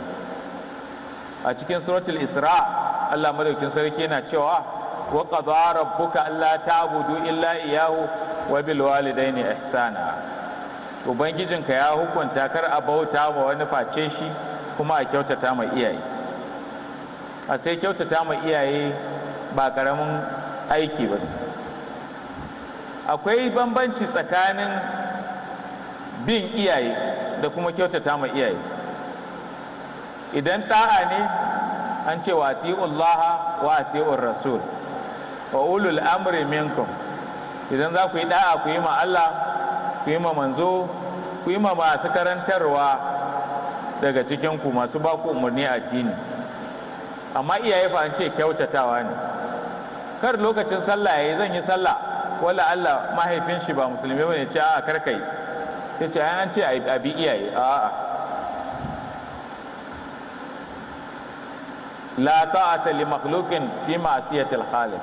a cikin suratul isra Allah madaukin sarki yana cewa wa qadara rabbuka alla ta'budu illa iyyahu wa bil walidayni ihsana ubangijinka ya hukunta kar a bauta wa wani face shi kuma a kyautata ma iyaye a sai kyautata ma iyaye ba karamin aiki ba akwai bambanci tsakanin bin iyaye da kuma kyautata ma iyaye idan ta'a ne an ce wa Allah wa ati'ur rasul wa ulul amri minkum idan za ku yi da'a ku yi ma Allah ku yi ma manzo ku yi ma masu karantarwa daga cikin ku masu ba ku umarni addini amma iyaye fa an kyautatawa ne kar lokacin sallah yayi zan yi sallah wala Allah mahaifin shi ba musulmi bane ce a'a kar kai sai ce an ce a bi iyaye a'a la ta'ata li makhluqin fi ma'siyatil khaliq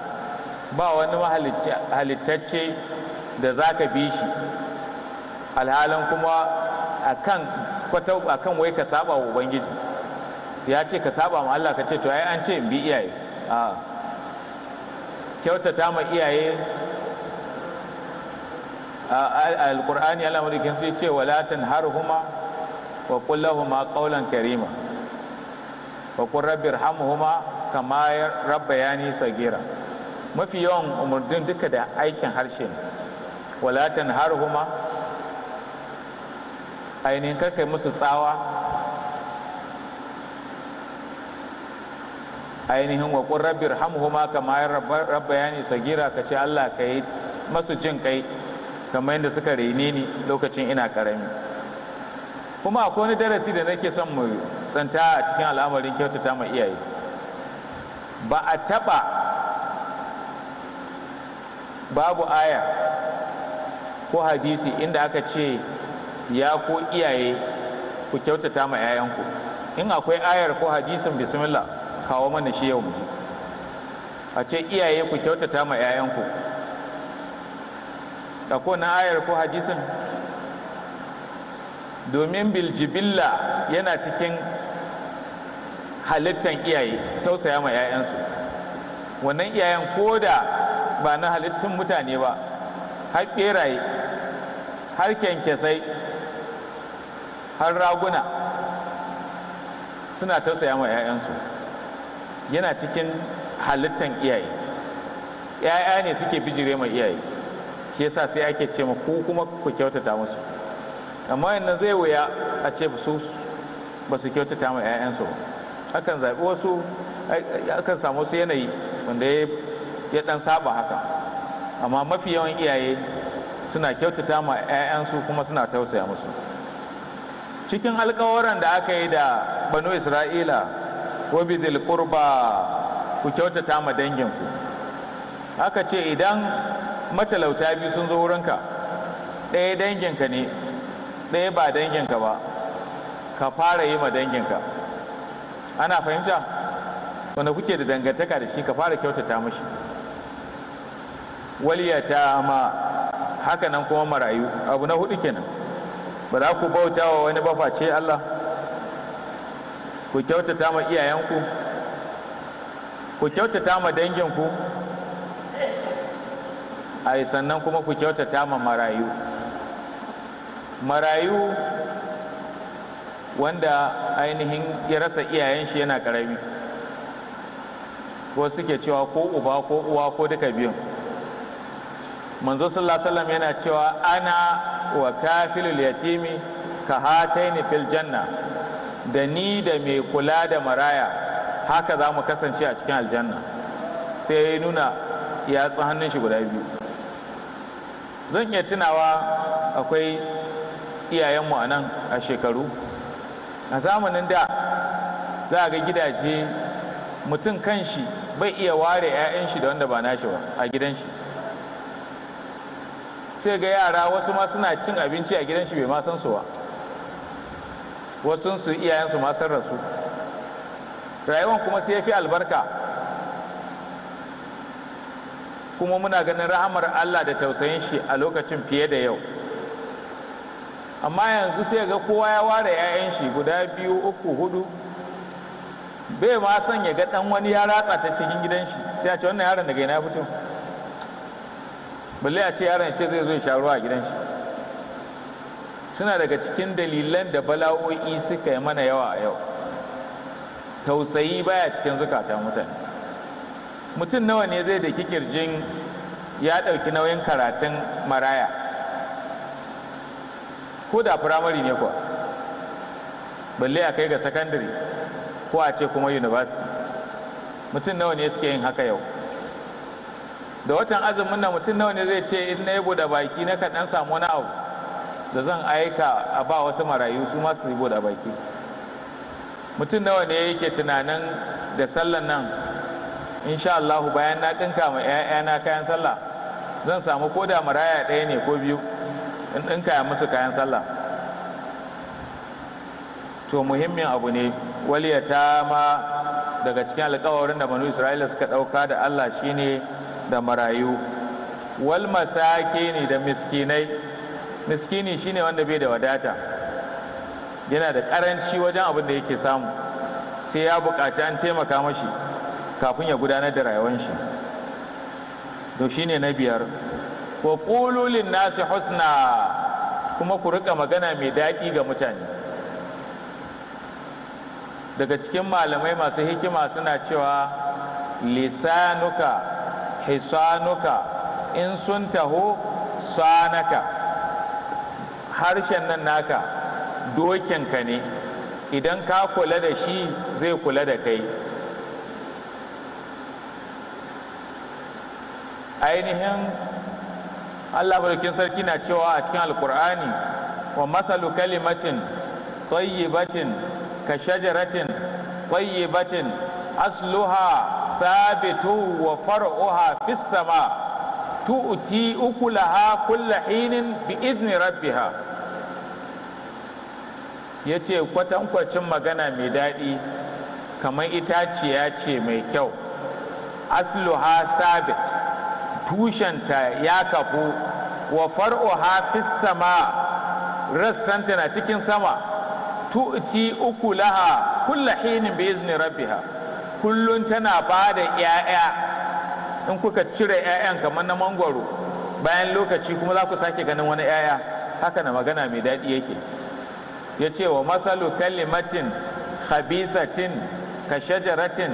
ba wani halittacce da zaka bi shi alhalin kuma akan kwata akan wai ka saba wa ubangiji ya ce ka saba ma Allah ka ce to ai an ce in bi iyaye a kyautata ma iyaye alqur'ani Allah mulkin sai ce wala tanharhuma wa qul lahumu qawlan karima fa qur rabbir hamhuma kama rabbayani sagira mafi yawan umurdin duka da aikin harshe walatan harhuma ainihin karkai musu tsawa ainihin wa qur rabbi irhamhuma kama rabbayani sagira kace Allah kai masu jin kai kamar yadda suka rene ni lokacin ina karami kuma akwai wani darasi da nake son mu Tsanta a cikin al'amarin kyautata ma iyaye ba a taɓa babu aya ko hadisi inda aka ce ya ko iyaye ku kyautata ma 'ya'yanku in akwai ayar ko hadisin bismillah kawo mana shi yau mu a ce iyaye ku kyautata ma 'ya'yanku da ko na ayar ko hadisin domin biljibilla yana cikin halittan iyaye tausaya ma 'ya'yansu wannan iyayen ko da ba na halittun mutane ba har ɓeraye har kyankyasai har raguna suna tausaya ma 'ya'yansu yana cikin halittan iyaye 'ya'ya ne suke bijire ma iyaye shi yasa sai ake ce ma ku kuma ku kyautata musu amma yanzu zai wuya a ce ba su kyautata ma 'ya'yansu ba akan zaɓi wasu akan samu wasu yanayi wanda ya ɗan saba haka amma mafi yawan iyaye suna kyautata ma 'ya'yansu kuma suna tausaya musu cikin alkawaran da aka yi da banu isra'ila ko wabidil qurba ku kyautata ma danginku aka ce idan matalauta biyu sun zo wurinka ɗaya danginka ne ɗaya ba danginka ba ka fara yi ma danginka ana fahimta wanda kuke da dangantaka da shi ka fara kyautata mashi waliyata ma haka nan kuma marayu abu na hudu kenan ba za ku bauta wa wani baface Allah ku kyautata ma iyayenku ku kyautata ma danginku a sannan kuma ku kyautata ma marayu marayu wanda ainihin ya rasa iyayen shi yana karami ko suke cewa ko uba ko uwa ko duka biyun manzo sallallahu alaihi wasallam yana cewa ana wa kafilul yatimi ka hataini fil janna da ni da mai kula da maraya haka za mu kasance a cikin aljanna sai ya nuna ya hannun shi guda biyu zan iya tunawa akwai iyayenmu a nan a shekaru a zamanin da za a ga gidaje mutum kanshi bai iya ware 'ya'yan shi da wanda ba nashi ba a gidan shi sai ga yara wasu ma suna cin abinci a gidan shi bai ma san su ba wasu su iyayen ma san rasu rayuwan kuma sai ya fi albarka kuma muna ganin rahamar Allah da tausayin shi a lokacin fiye da yau amma yanzu sai ga kowa ya ware 'ya'yan shi guda biyu uku hudu bai ma son ya ga dan wani ya ratsa ta cikin gidan shi sai a ce wannan yaron daga ina fito balle a ce yaron ce zai zo ya sha ruwa a gidan shi suna daga cikin dalilan da bala'o'i suka yi mana yawa a yau tausayi baya cikin zukatan mutane mutum nawa ne zai da kikirjin ya ɗauki nauyin karatun maraya ko da firamare ne kuwa balle a kai ga sakandare ko a ce kuma university mutum nawa ne suke yin haka yau da watan azumin nan mutum nawa ne zai ce in na yi buɗe baki na kaɗan samu wani abu da zan aika a ba wasu marayu su ma su yi buɗe baki mutum nawa ne yake tunanin da sallan nan insha Allah bayan na ɗinka ma 'ya'yana kayan sallah zan samu ko da maraya ɗaya ne ko biyu in kaya musu kayan sallah to muhimmin abu ne waliyata ma daga cikin alkawarin da manu isra'ila suka ɗauka da allah shine da marayu wal masakini da miskinai miskini shine wanda bai da wadata yana da ƙaranci wajen abin da yake samu sai ya buƙaci an taimaka mashi kafin ya gudanar da rayuwar shi to shine na biyar wa qulu nasi husna kuma ku rika magana mai daɗi ga mutane daga cikin malamai masu hikima suna cewa lisanuka hisanuka in sun taho sanaka harshen nan naka ka ne idan ka kula da shi zai kula da kai ainihin Allah barkin sarki na cewa a cikin alkur'ani wa masalu kalimatin tayyibatin ka shajaratin tayyibatin asluha sabitu wa far'uha fis sama tu'ti ukulaha kulla hinin bi izni rabbiha yace kwatankwacin magana mai daɗi kamar itaciya ce mai kyau asluha sabit tushenta ya kafu wa far'uha hafis sama rassanta na cikin sama tu'ti uku laha kulla hinin bi izni rabbiha kullun tana bada 'ya'ya in kuka cire 'ya'yan kamar na mangwaro bayan lokaci kuma za ku sake ganin wani 'ya'ya haka na magana mai daɗi yake ya ce wa masalu kalimatin khabisatin ka shajaratin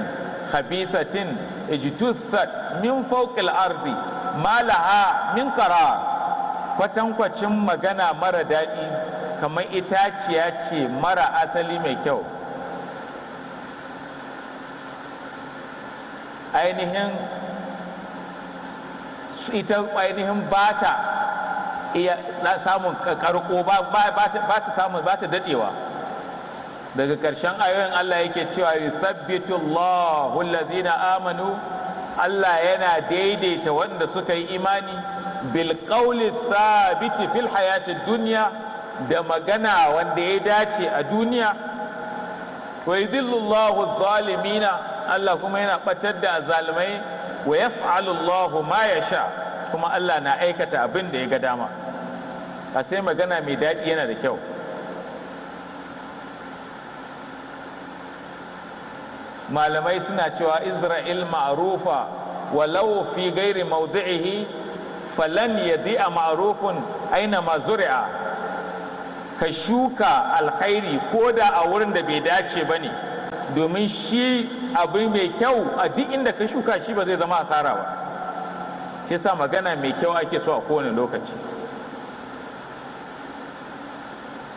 khabisatin ijtussat min fawqil ardi ma laha min qarar kwatankwacin magana mara daɗi kamar itaciya ce mara asali mai kyau ainihin ita ainihin bata iya samun karko ba ta samun ba ta dadewa daga ƙarshen ayoyin Allah yake cewa yusabbitu Allahu allazina amanu Allah yana daidaita wanda suka yi imani bil qawli thabiti fil hayati dunya da magana wanda ya dace a duniya wa yudhillu Allahu zalimina Allah kuma yana batar da zalimai wa yaf'alu Allahu ma yasha kuma Allah na aikata abin da ya ga dama a sai magana mai daɗi yana da kyau malamai suna cewa isra'il ma'rufa walau fi gairi mawdi'ihi falan a ma'rufun aina ma zuri'a ka shuka alkhairi ko da a wurin da bai dace ba ne domin shi abu mai kyau a duk inda ka shuka shi ba zai zama asara ba shi sa magana mai kyau ake so a kowane lokaci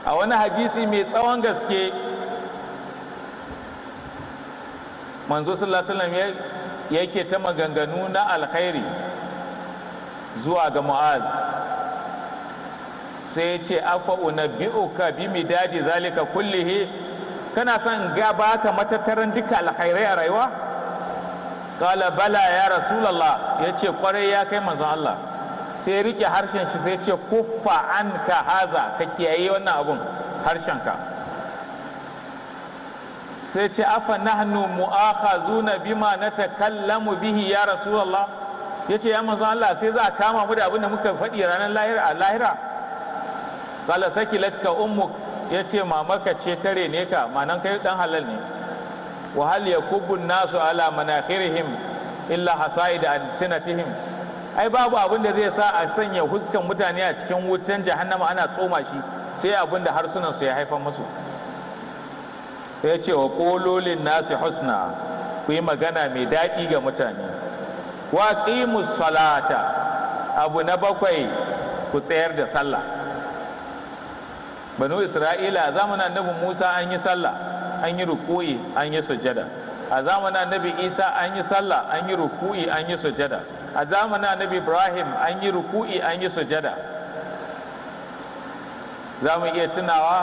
a wani hadisi mai tsawon gaske manzo sallallahu alaihi wasallam yake ta maganganu na alkhairi zuwa ga mu'az sai ya ce afa unabbi'uka bi midadi zalika kullihi kana son ga baka matattaran duka alkhairai a rayuwa qala bala ya rasulullah yace kwarai ya kai manzon Allah sai rike harshen shi sai ce kuffa anka haza ka kiyaye wannan abun harshen ka sai ce afa nahnu zuna bima natakallamu bihi ya rasulullah yace ya manzo Allah sai za a kama mu da abin da muka faɗi ranar lahira a lahira qala sakilatka ummuk yace mamarka ce tare ne ka manan kai dan halal ne wa hal yakubbu nasu ala manakhirihim illa hasaid alsinatihim ai babu abin da zai sa a sanya huskan mutane a cikin wutan jahannama ana tsoma shi sai abin da harsunan su ya haifar musu sai ce wa ƙololin nasu husna ku yi magana mai daɗi ga mutane wa ƙimu salata abu na bakwai ku tsayar da sallah banu isra'ila a zamanin annabi musa an yi sallah an yi ruku'i an yi sujada a zamanin annabi isa an yi sallah an yi ruku'i an yi sujada a zamanin annabi ibrahim an yi ruku'i an yi sujada za mu iya tunawa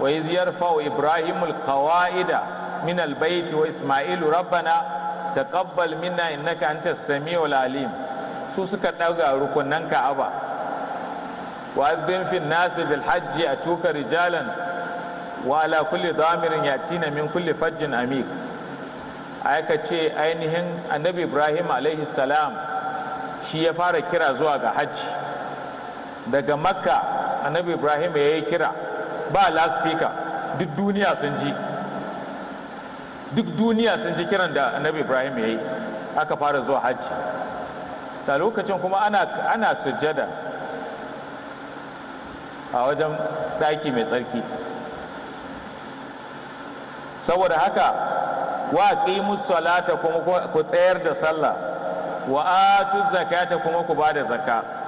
wa fa yarfa'u ibrahimul qawaida min albayt wa isma'ilu rabbana taqabbal minna innaka antas samiul alim su suka daga rukunan ka'aba wa azbin fil nasi bil hajji atuka rijalan wa ala kulli damirin yatina min kulli fajjin amik aka ce ainihin annabi ibrahim alaihi salam shi ya fara kira zuwa ga hajji daga makka annabi ibrahim ya yi kira ba lafika duk duniya sun ji duk duniya sun ji kiran da annabi ibrahim ya yi aka fara zuwa hajji da lokacin kuma ana ana sujjada a wajen daki mai tsarki saboda haka wa qimus salata kuma ku tsayar da sallah wa atu zakata kuma ku bada zakka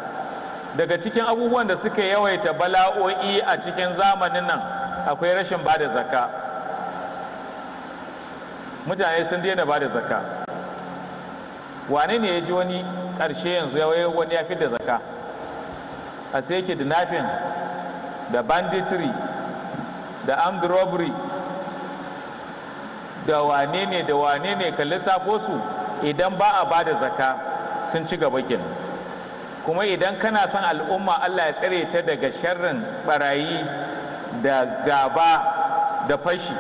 daga cikin abubuwan da suka yawaita bala'o'i a cikin zamanin nan akwai rashin ba da zaka mutane sun daina ba da zaka wane ne ya ji wani ƙarshe yanzu ya wani ya da zaka a sai yake dinafin da banditry da armed da wane ne da wane ne ka lissafo su idan ba a ba da zaka sun ci gaba kenan kuma idan kana son al'umma Allah ya tsare ta daga sharrin barayi da gaba da fashi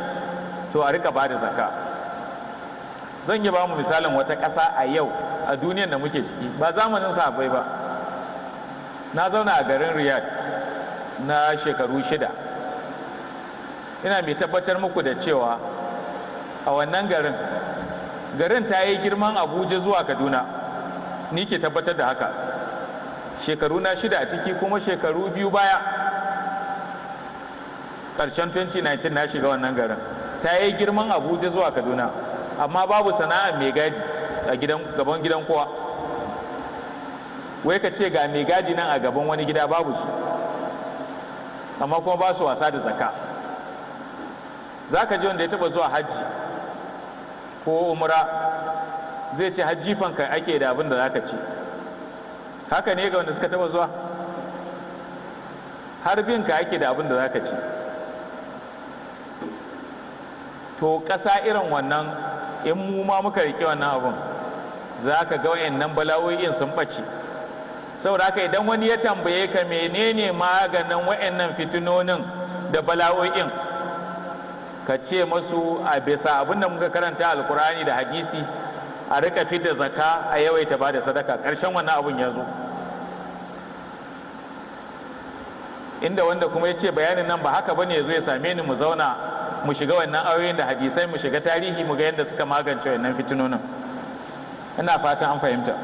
to a rika bada zaka zan yi ba mu misalin wata ƙasa a yau a duniyar da muke ciki ba zamanin sahabbai ba na zauna a garin riyadh na shekaru shida ina mai tabbatar muku da cewa a wannan garin garin ta yi girman abuja zuwa kaduna ni ke tabbatar da haka shekaru na shida a ciki kuma shekaru biyu baya ƙarshen 2019 na shiga wannan garin ta yi girman abuja zuwa kaduna amma babu sana'a mai gadi a gaban gidan kowa wai ka ce ga mai gadi nan a gaban wani gida babu su amma kuma ba su wasa da zaka za ka ji wanda ya taba zuwa hajji ko umra zai ce fanka ake da abin da za ka ce haka ne ga wanda suka taba zuwa har bin ka ake da abin da zaka ci to ƙasa irin wannan in mu ma muka riƙe wannan abin za ka ga nan bala'o'in sun ɓace saboda haka idan wani ya tambaye ka menene maganin nan fitinonin da bala'o'in ka ce masu a bisa abin da muka karanta alkurani da hadisi a rika fidda zaka a yawaita ba da sadaka ƙarshen wannan abun ya zo inda wanda kuma ya ce bayanin nan ba haka ba ne zo ya same ni mu zauna mu shiga wannan auren da hadisai mu shiga tarihi mu ga yadda suka magance wannan fitinonin ina fatan an fahimta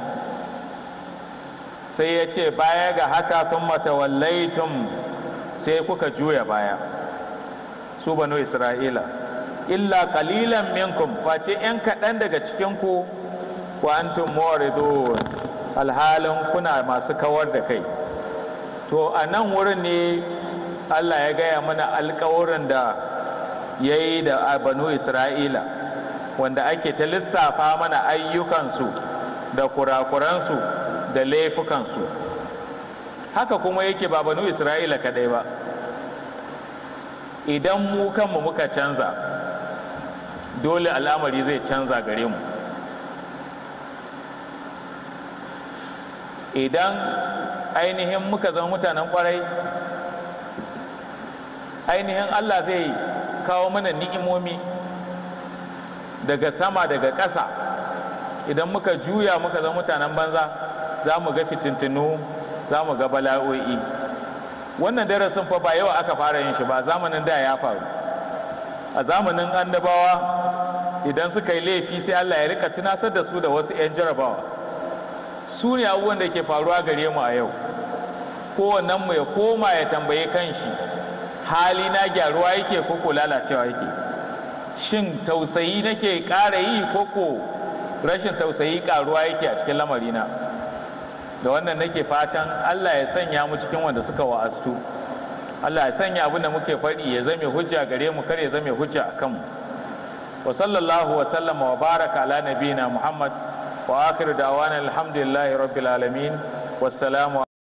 sai ya ce baya ga haka sun matawallaitum sai kuka juya baya su banu isra'ila illa qalilan minkum face yan kaɗan daga cikin ku wa antum mu'ridun alhalin kuna masu kawar da kai to a nan wurin ne Allah ya gaya mana alkawarin da ya yi da banu Isra'ila wanda ake ta lissafa mana ayyukansu da kurakuransu da laifukansu haka kuma yake ba banu Isra'ila kadai ba idan mu kanmu muka canza dole al'amari zai canza gare mu idan ainihin muka zama mutanen kwarai ainihin Allah zai kawo mana ni'imomi daga sama daga ƙasa idan muka juya muka zama mutanen banza za mu ga fitintinu za mu ga bala'o'i wannan darasin fa ba yawa aka fara yin shi ba zamanin da ya faru a zamanin annabawa idan suka yi laifi sai Allah ya rika tunasar da su da wasu 'yan jarabawa su ne abubuwan da ke faruwa gare mu a yau kowannen mu ya koma ya tambaye kanshi hali na gyaruwa yake ko ko lalacewa yake shin tausayi nake ƙara yi ko rashin tausayi ƙaruwa yake a cikin lamarina da wannan nake fatan Allah ya sanya mu cikin wanda suka wa'astu Allah ya sanya abin da muke faɗi ya zame hujja gare mu kar ya zame hujja a kanmu wa sallallahu wa sallama wa baraka ala nabiyina muhammad wa akhiru da'wana alhamdulillahi rabbil alamin wassalamu